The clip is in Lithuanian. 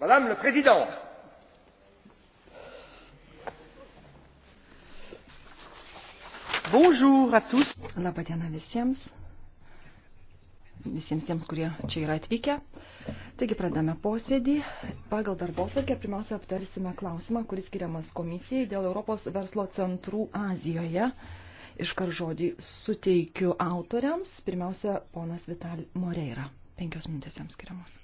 Madame le Président, Bonjour à tous. Labą dieną visiems. Visiems tiems, kurie čia yra atvykę. Taigi pradame posėdį. Pagal darbo tvarkę pirmiausia aptarsime klausimą, kuris skiriamas komisijai dėl Europos verslo centrų Azijoje. Iškar žodį suteikiu autoriams. Pirmiausia, ponas Vital Moreira. Penkios minutės jam skiriamos.